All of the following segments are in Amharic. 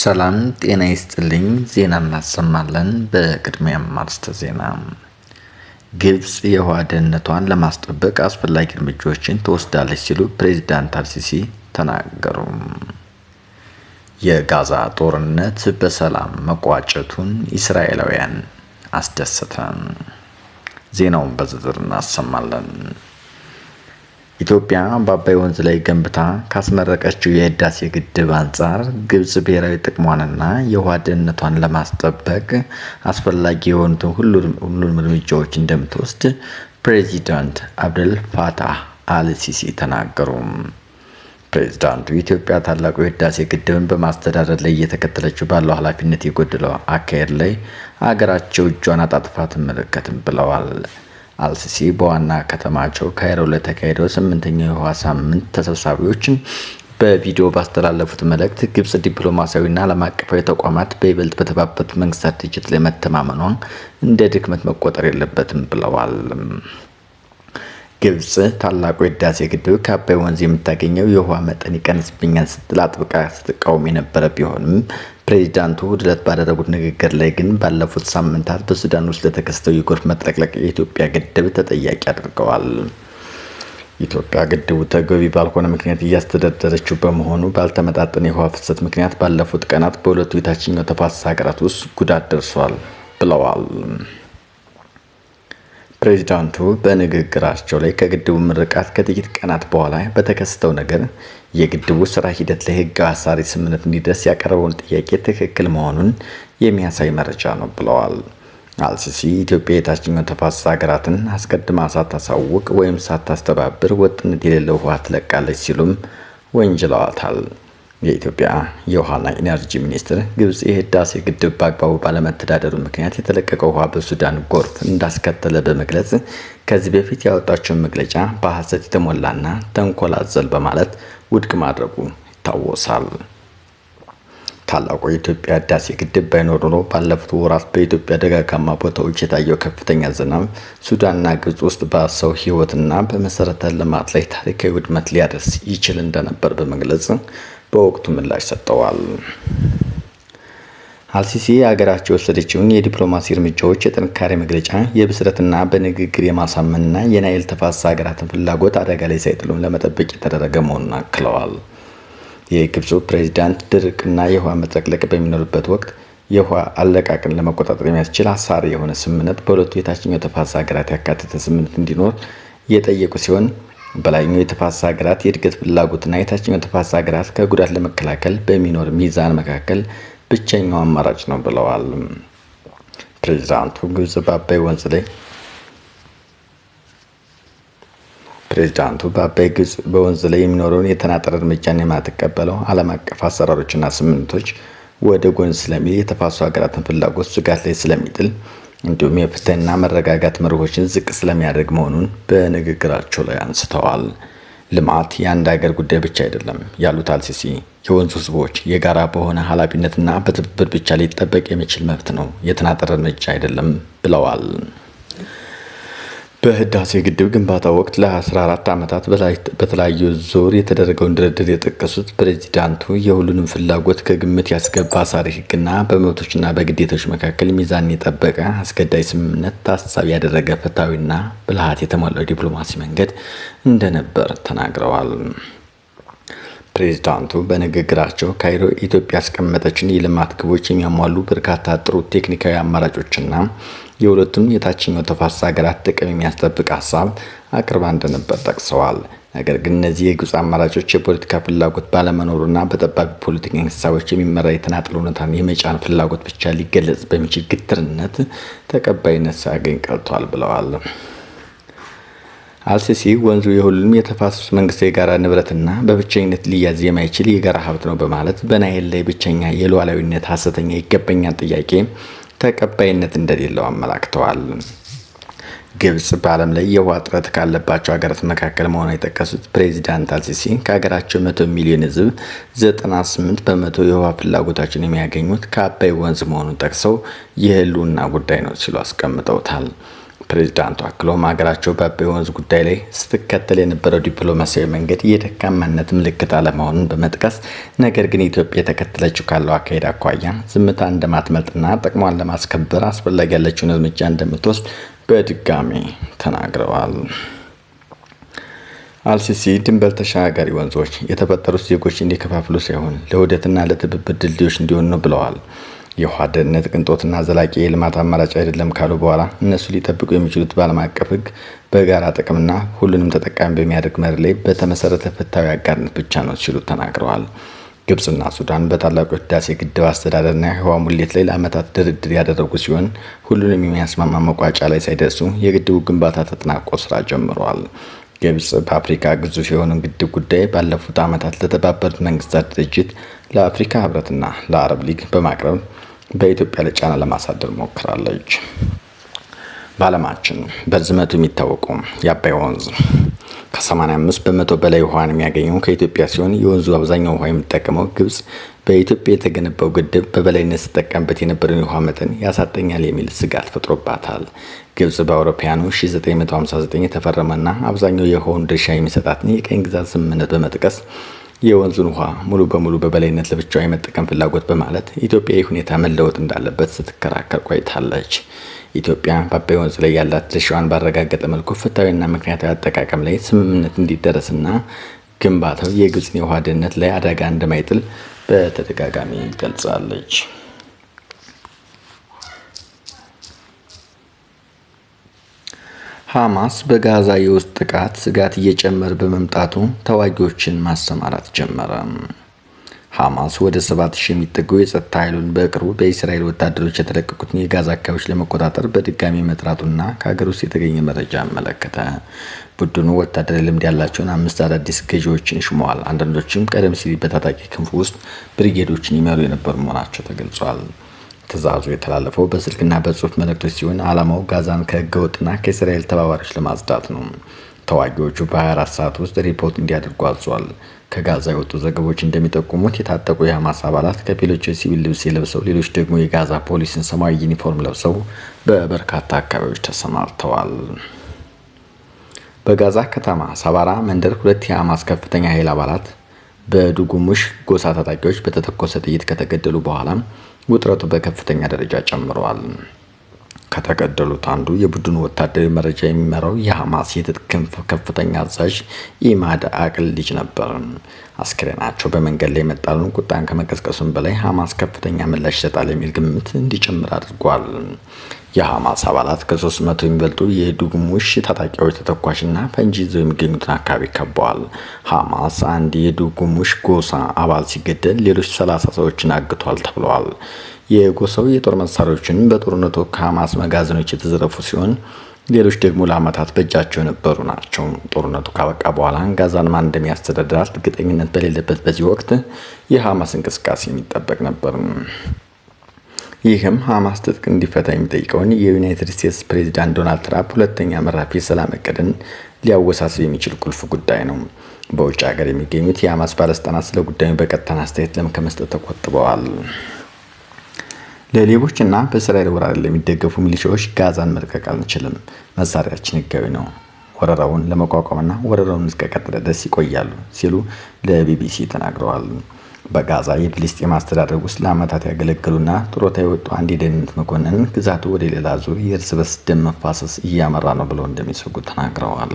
ሰላም ጤና ይስጥልኝ። ዜና እናሰማለን። በቅድሚያም አርዕስተ ዜና። ግብጽ የውሃ ደህንነቷን ለማስጠበቅ አስፈላጊ እርምጃዎችን ትወስዳለች ሲሉ ፕሬዚዳንት አልሲሲ ተናገሩ። የጋዛ ጦርነት በሰላም መቋጨቱን እስራኤላውያን አስደሰተ። ዜናውን በዝርዝር እናሰማለን። ኢትዮጵያ በአባይ ወንዝ ላይ ገንብታ ካስመረቀችው የህዳሴ ግድብ አንጻር ግብጽ ብሔራዊ ጥቅሟንና የውሃ ደህንነቷን ለማስጠበቅ አስፈላጊ የሆኑትን ሁሉንም እርምጃዎች እንደምትወስድ ፕሬዚዳንት አብደል ፋታህ አልሲሲ ተናገሩ። ፕሬዚዳንቱ ኢትዮጵያ ታላቁ የህዳሴ ግድብን በማስተዳደር ላይ እየተከተለችው ባለው ኃላፊነት የጎደለው አካሄድ ላይ አገራቸው እጇን አጣጥፋ ትመለከትም ብለዋል። አልሲሲ በዋና ከተማቸው ካይሮ ለተካሄደው ስምንተኛው የውሃ ሳምንት ተሰብሳቢዎችን በቪዲዮ ባስተላለፉት መልእክት ግብጽ ዲፕሎማሲያዊና ዓለም አቀፋዊ ተቋማት በይበልጥ በተባበሩት መንግስታት ድርጅት ላይ መተማመኗን እንደ ድክመት መቆጠር የለበትም ብለዋል። ግብጽ ታላቁ የህዳሴ ግድብ ከአባይ ወንዝ የምታገኘው የውሃ መጠን ይቀንስብኛል ስትል አጥብቃ ስትቃወም የነበረ ቢሆንም ፕሬዚዳንቱ ውድለት ባደረጉት ንግግር ላይ ግን ባለፉት ሳምንታት በሱዳን ውስጥ ለተከሰተው የጎርፍ መጥለቅለቅ የኢትዮጵያ ግድብ ተጠያቂ አድርገዋል። ኢትዮጵያ ግድቡ ተገቢ ባልሆነ ምክንያት እያስተዳደረችው በመሆኑ ባልተመጣጠነ የውሃ ፍሰት ምክንያት ባለፉት ቀናት በሁለቱ የታችኛው ተፋሰስ ሀገራት ውስጥ ጉዳት ደርሷል ብለዋል። ፕሬዚዳንቱ በንግግራቸው ላይ ከግድቡ ምርቃት ከጥቂት ቀናት በኋላ በተከሰተው ነገር የግድቡ ስራ ሂደት ለህግ አሳሪ ስምምነት እንዲደርስ ያቀረበውን ጥያቄ ትክክል መሆኑን የሚያሳይ መረጃ ነው ብለዋል። አልሲሲ ኢትዮጵያ የታችኛው ተፋሰስ ሀገራትን አስቀድማ ሳታሳውቅ ወይም ሳታስተባብር ወጥነት የሌለው ውሃ ትለቃለች ሲሉም ወንጅለዋታል። የኢትዮጵያ የውሃና ኢነርጂ ሚኒስትር ግብጽ የህዳሴ ግድብ በአግባቡ ባለመተዳደሩ ምክንያት የተለቀቀ ውሃ በሱዳን ጎርፍ እንዳስከተለ በመግለጽ ከዚህ በፊት ያወጣቸውን መግለጫ በሐሰት የተሞላና ተንኮላዘል በማለት ውድቅ ማድረጉ ይታወሳል። ታላቁ የኢትዮጵያ ህዳሴ ግድብ ባይኖር ኖሮ ባለፉት ወራት በኢትዮጵያ ደጋጋማ ቦታዎች የታየው ከፍተኛ ዝናብ ሱዳንና ግብጽ ውስጥ በሰው ህይወትና በመሰረተ ልማት ላይ ታሪካዊ ውድመት ሊያደርስ ይችል እንደነበር በመግለጽ በወቅቱ ምላሽ ሰጥተዋል። አልሲሲ የሀገራቸው የወሰደችውን የዲፕሎማሲ እርምጃዎች የጥንካሬ መግለጫ የብስረትና በንግግር የማሳመንና የናይል ተፋሰስ ሀገራትን ፍላጎት አደጋ ላይ ሳይጥሉም ለመጠበቅ የተደረገ መሆኑን አክለዋል። የግብፁ ፕሬዚዳንት ድርቅና የውሃ መጥለቅለቅ በሚኖርበት ወቅት የውሃ አለቃቅን ለመቆጣጠር የሚያስችል አሳሪ የሆነ ስምምነት በሁለቱ የታችኛው ተፋሰስ ሀገራት ያካተተ ስምምነት እንዲኖር የጠየቁ ሲሆን በላይኛው የተፋሰስ ሀገራት የእድገት ፍላጎትና የታችኛው የተፋሰስ ሀገራት ከጉዳት ለመከላከል በሚኖር ሚዛን መካከል ብቸኛው አማራጭ ነው ብለዋል። ፕሬዚዳንቱ ግብጽ በአባይ ወንዝ ላይ ፕሬዚዳንቱ በአባይ ግብጽ በወንዝ ላይ የሚኖረውን የተናጠረ እርምጃን የማትቀበለው ዓለም አቀፍ አሰራሮችና ስምምነቶች ወደ ጎን ስለሚል የተፋሰሱ ሀገራትን ፍላጎት ስጋት ላይ ስለሚጥል እንዲሁም የፍትህና መረጋጋት መርሆችን ዝቅ ስለሚያደርግ መሆኑን በንግግራቸው ላይ አንስተዋል። ልማት የአንድ ሀገር ጉዳይ ብቻ አይደለም ያሉት አልሲሲ የወንዙ ህዝቦች የጋራ በሆነ ኃላፊነትና በትብብር ብቻ ሊጠበቅ የሚችል መብት ነው፣ የተናጠረ እርምጃ አይደለም ብለዋል። በህዳሴ ግድብ ግንባታ ወቅት ለ14 ዓመታት በተለያዩ ዙር የተደረገውን ድርድር የጠቀሱት ፕሬዚዳንቱ የሁሉንም ፍላጎት ከግምት ያስገባ አሳሪ ህግና በመብቶችና በግዴታዎች መካከል ሚዛን የጠበቀ አስገዳጅ ስምምነት ታሳቢ ያደረገ ፍትሐዊና ብልሃት የተሞላው ዲፕሎማሲ መንገድ እንደነበር ተናግረዋል። ፕሬዚዳንቱ በንግግራቸው ካይሮ ኢትዮጵያ ያስቀመጠችን የልማት ግቦች የሚያሟሉ በርካታ ጥሩ ቴክኒካዊ አማራጮችና የሁለቱም የታችኛው ተፋሰስ ሀገራት ጥቅም የሚያስጠብቅ ሀሳብ አቅርባ እንደነበር ጠቅሰዋል። ነገር ግን እነዚህ የግብፅ አማራጮች የፖለቲካ ፍላጎት ባለመኖሩና በጠባቢ ፖለቲካ እንስሳዎች የሚመራ የተናጥል እውነታን የመጫን ፍላጎት ብቻ ሊገለጽ በሚችል ግትርነት ተቀባይነት ሳያገኝ ቀርቷል ብለዋል። አልሲሲ ወንዙ የሁሉም የተፋሰሱ መንግስት የጋራ ንብረትና በብቸኝነት ሊያዝ የማይችል የጋራ ሀብት ነው በማለት በናይል ላይ ብቸኛ የሉዓላዊነት ሀሰተኛ ይገባኛል ጥያቄ ተቀባይነት እንደሌለው አመላክተዋል። ግብጽ በዓለም ላይ የውሃ እጥረት ካለባቸው ሀገራት መካከል መሆኗን የጠቀሱት ፕሬዚዳንት አልሲሲ ከሀገራቸው መቶ ሚሊዮን ህዝብ 98 በመቶ የውሃ ፍላጎታቸውን የሚያገኙት ከአባይ ወንዝ መሆኑን ጠቅሰው የህልውና ጉዳይ ነው ሲሉ አስቀምጠውታል። ፕሬዚዳንቱ አክሎም ሀገራቸው በአባይ ወንዝ ጉዳይ ላይ ስትከተል የነበረው ዲፕሎማሲያዊ መንገድ የደካማነት ምልክት አለመሆኑን በመጥቀስ ነገር ግን ኢትዮጵያ የተከተለችው ካለው አካሄድ አኳያ ዝምታ እንደማትመልጥና ጥቅሟን ለማስከበር አስፈላጊ ያለችውን እርምጃ እንደምትወስድ በድጋሚ ተናግረዋል። አልሲሲ ድንበር ተሻጋሪ ወንዞች የተፈጠሩት ዜጎች እንዲከፋፍሉ ሳይሆን ለውህደትና ለትብብር ድልድዮች እንዲሆኑ ነው ብለዋል። የውሃ ደህንነት ቅንጦትና ዘላቂ የልማት አማራጭ አይደለም ካሉ በኋላ እነሱ ሊጠብቁ የሚችሉት በዓለም አቀፍ ሕግ በጋራ ጥቅምና ሁሉንም ተጠቃሚ በሚያደርግ መሪ ላይ በተመሰረተ ፍትሐዊ አጋርነት ብቻ ነው ሲሉ ተናግረዋል። ግብፅና ሱዳን በታላቁ ህዳሴ ግድብ አስተዳደርና የህዋ ሙሌት ላይ ለዓመታት ድርድር ያደረጉ ሲሆን ሁሉንም የሚያስማማ መቋጫ ላይ ሳይደርሱ የግድቡ ግንባታ ተጠናቆ ስራ ጀምረዋል። ግብጽ በአፍሪካ ግዙፍ የሆነውን ግድብ ጉዳይ ባለፉት ዓመታት ለተባበሩት መንግስታት ድርጅት፣ ለአፍሪካ ህብረትና ለአረብ ሊግ በማቅረብ በኢትዮጵያ ላይ ጫና ለማሳደር ሞክራለች። በዓለማችን በርዝመቱ የሚታወቀው የአባይ ወንዝ ከ85 በመቶ በላይ ውሃን የሚያገኘው ከኢትዮጵያ ሲሆን የወንዙ አብዛኛው ውሃ የሚጠቀመው ግብጽ በኢትዮጵያ የተገነባው ግድብ በበላይነት ስጠቀምበት የነበረውን የውሃ መጠን ያሳጠኛል የሚል ስጋት ፈጥሮባታል። ግብጽ በአውሮፓውያኑ 1959 የተፈረመና አብዛኛው የውሃውን ድርሻ የሚሰጣትን የቀኝ ግዛት ስምምነት በመጥቀስ የወንዙን ውሃ ሙሉ በሙሉ በበላይነት ለብቻዋ የመጠቀም ፍላጎት በማለት ኢትዮጵያ ሁኔታ መለወጥ እንዳለበት ስትከራከር ቆይታለች። ኢትዮጵያ በአባይ ወንዝ ላይ ያላት ድርሻዋን ባረጋገጠ መልኩ ፍትሐዊና ምክንያታዊ አጠቃቀም ላይ ስምምነት እንዲደረስና ግንባታው የግብፅን የውሃ ደህንነት ላይ አደጋ እንደማይጥል በተደጋጋሚ ገልጻለች። ሐማስ በጋዛ የውስጥ ጥቃት ስጋት እየጨመረ በመምጣቱ ተዋጊዎችን ማሰማራት ጀመረ። ሐማስ ወደ 7000 የሚጠጉ የጸጥታ ኃይሉን በቅርቡ በእስራኤል ወታደሮች የተለቀቁትን የጋዛ አካባቢዎች ለመቆጣጠር በድጋሚ መጥራቱና ከሀገር ውስጥ የተገኘ መረጃ አመለከተ። ቡድኑ ወታደራዊ ልምድ ያላቸውን አምስት አዳዲስ ገዢዎችን ሽመዋል። አንዳንዶችም ቀደም ሲል በታጣቂ ክንፍ ውስጥ ብሪጌዶችን ይመሩ የነበሩ መሆናቸው ተገልጿል። ትእዛዙ የተላለፈው በስልክና በጽሑፍ መልእክቶች ሲሆን ዓላማው ጋዛን ከህገወጥና ከእስራኤል ተባባሪዎች ለማጽዳት ነው። ተዋጊዎቹ በ24 ሰዓት ውስጥ ሪፖርት እንዲያደርጉ አዟል። ከጋዛ የወጡ ዘገቦች እንደሚጠቁሙት የታጠቁ የሐማስ አባላት ከፊሎች የሲቪል ልብስ የለብሰው፣ ሌሎች ደግሞ የጋዛ ፖሊስን ሰማያዊ ዩኒፎርም ለብሰው በበርካታ አካባቢዎች ተሰማርተዋል። በጋዛ ከተማ ሰባራ መንደር ሁለት የሐማስ ከፍተኛ ኃይል አባላት በዱጉሙሽ ጎሳ ታጣቂዎች በተተኮሰ ጥይት ከተገደሉ በኋላ ውጥረቱ በከፍተኛ ደረጃ ጨምረዋል። ከተገደሉት አንዱ የቡድኑ ወታደራዊ መረጃ የሚመራው የሐማስ የትጥቅ ክንፍ ከፍተኛ አዛዥ ኢማድ አቅል ልጅ ነበር። አስክሬናቸው በመንገድ ላይ መጣሉን ቁጣን ከመቀስቀሱም በላይ ሐማስ ከፍተኛ ምላሽ ይሰጣል የሚል ግምት እንዲጨምር አድርጓል። የሐማስ አባላት ከሶስት መቶ የሚበልጡ የዱግሙሽ ታጣቂዎች ተተኳሽና ፈንጂ ይዘው የሚገኙትን አካባቢ ከበዋል። ሐማስ አንድ የዱግሙሽ ጎሳ አባል ሲገደል ሌሎች ሰላሳ ሰዎችን አግቷል ተብለዋል። የጎሳው የጦር መሳሪያዎችን በጦርነቱ ከሐማስ መጋዘኖች የተዘረፉ ሲሆን ሌሎች ደግሞ ለዓመታት በእጃቸው የነበሩ ናቸው። ጦርነቱ ካበቃ በኋላ ጋዛን ማን እንደሚያስተዳድር እርግጠኝነት በሌለበት በዚህ ወቅት የሐማስ እንቅስቃሴ የሚጠበቅ ነበር። ይህም ሐማስ ትጥቅ እንዲፈታ የሚጠይቀውን የዩናይትድ ስቴትስ ፕሬዚዳንት ዶናልድ ትራምፕ ሁለተኛ ምዕራፍ የሰላም እቅድን ሊያወሳስብ የሚችል ቁልፍ ጉዳይ ነው። በውጭ ሀገር የሚገኙት የሐማስ ባለስልጣናት ስለ ጉዳዩ በቀጥታን አስተያየት ከመስጠት ተቆጥበዋል። ለሌቦች እና በእስራኤል ወራሪ ለሚደገፉ ሚሊሻዎች ጋዛን መልቀቅ አንችልም፣ መሳሪያችን ህጋዊ ነው ወረራውን ለመቋቋምና ወረራውን እስከቀጠለ ድረስ ይቆያሉ ሲሉ ለቢቢሲ ተናግረዋል። በጋዛ የፊልስጤም አስተዳደር ውስጥ ለዓመታት ያገለገሉና ጥሮታ የወጡ አንድ የደህንነት መኮንን ግዛቱ ወደ ሌላ ዙር የእርስ በርስ ደም መፋሰስ እያመራ ነው ብለው እንደሚሰጉ ተናግረዋል።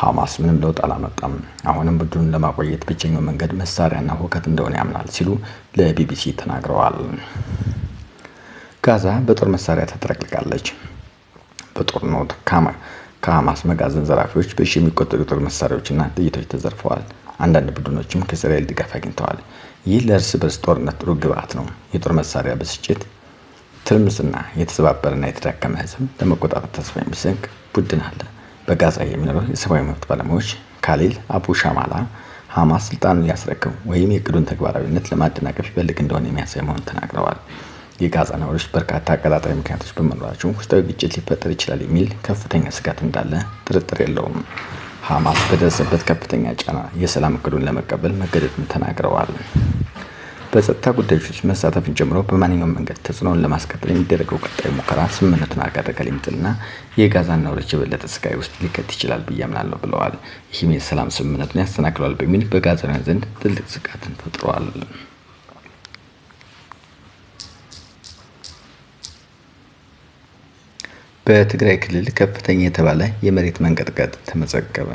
ሐማስ ምንም ለውጥ አላመጣም፣ አሁንም ቡድኑን ለማቆየት ብቸኛው መንገድ መሳሪያና ሁከት እንደሆነ ያምናል ሲሉ ለቢቢሲ ተናግረዋል። ጋዛ በጦር መሳሪያ ተጥለቅልቃለች። በጦርነት ከሐማስ መጋዘን ዘራፊዎች በሺ የሚቆጠሩ የጦር መሳሪያዎችና ጥይቶች ተዘርፈዋል። አንዳንድ ቡድኖችም ከእስራኤል ድጋፍ አግኝተዋል። ይህ ለእርስ በርስ ጦርነት ጥሩ ግብዓት ነው። የጦር መሳሪያ ብስጭት ትርምስና የተሰባበረና የተዳከመ ህዝብ ለመቆጣጠር ተስፋ የሚሰንቅ ቡድን አለ። በጋዛ የሚኖሩ የሰብአዊ መብት ባለሙያዎች ካሊል አቡ ሻማላ ሐማስ ስልጣኑን ሊያስረክብ ወይም የእቅዱን ተግባራዊነት ለማደናቀፍ ይፈልግ እንደሆነ የሚያሳይ መሆኑን ተናግረዋል። የጋዛ ነዋሪዎች በርካታ አቀጣጣዊ ምክንያቶች በመኖራቸው ውስጣዊ ግጭት ሊፈጠር ይችላል የሚል ከፍተኛ ስጋት እንዳለ ጥርጥር የለውም። ሐማስ በደረሰበት ከፍተኛ ጫና የሰላም እቅዱን ለመቀበል መገደዱን ተናግረዋል። በጸጥታ ጉዳዮች ውስጥ መሳተፍን ጨምሮ በማንኛውም መንገድ ተጽዕኖውን ለማስቀጠል የሚደረገው ቀጣይ ሙከራ ስምምነቱን አጋጠቀ ሊምጥልና የጋዛን ነዋሪዎች የበለጠ ስቃይ ውስጥ ሊከት ይችላል ብዬ አምናለሁ ብለዋል። ይህም የሰላም ስምምነቱን ያስተናክለዋል በሚል በጋዛውያን ዘንድ ትልቅ ስጋትን ፈጥሯል። በትግራይ ክልል ከፍተኛ የተባለ የመሬት መንቀጥቀጥ ተመዘገበ።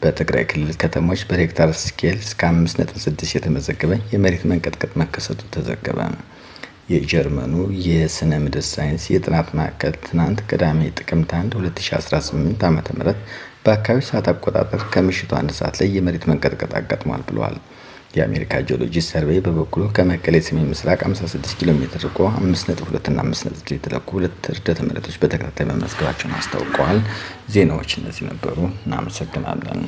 በትግራይ ክልል ከተሞች በሬክታር ስኬል እስከ 5.6 የተመዘገበ የመሬት መንቀጥቀጥ መከሰቱ ተዘገበ። የጀርመኑ የስነ ምድር ሳይንስ የጥናት ማዕከል ትናንት ቅዳሜ ጥቅምት 1 2018 ዓ ም በአካባቢ ሰዓት አቆጣጠር ከምሽቱ አንድ ሰዓት ላይ የመሬት መንቀጥቀጥ አጋጥሟል ብለዋል። የአሜሪካ ጂኦሎጂ ሰርቬይ በበኩሉ ከመቀሌ ሰሜን ምስራቅ 56 ኪሎ ሜትር ርቆ 5.2 እና 5.9 የተለኩ ሁለት ርዕደ መሬቶች በተከታታይ መመዝገባቸውን አስታውቀዋል። ዜናዎች እነዚህ ነበሩ። እናመሰግናለን።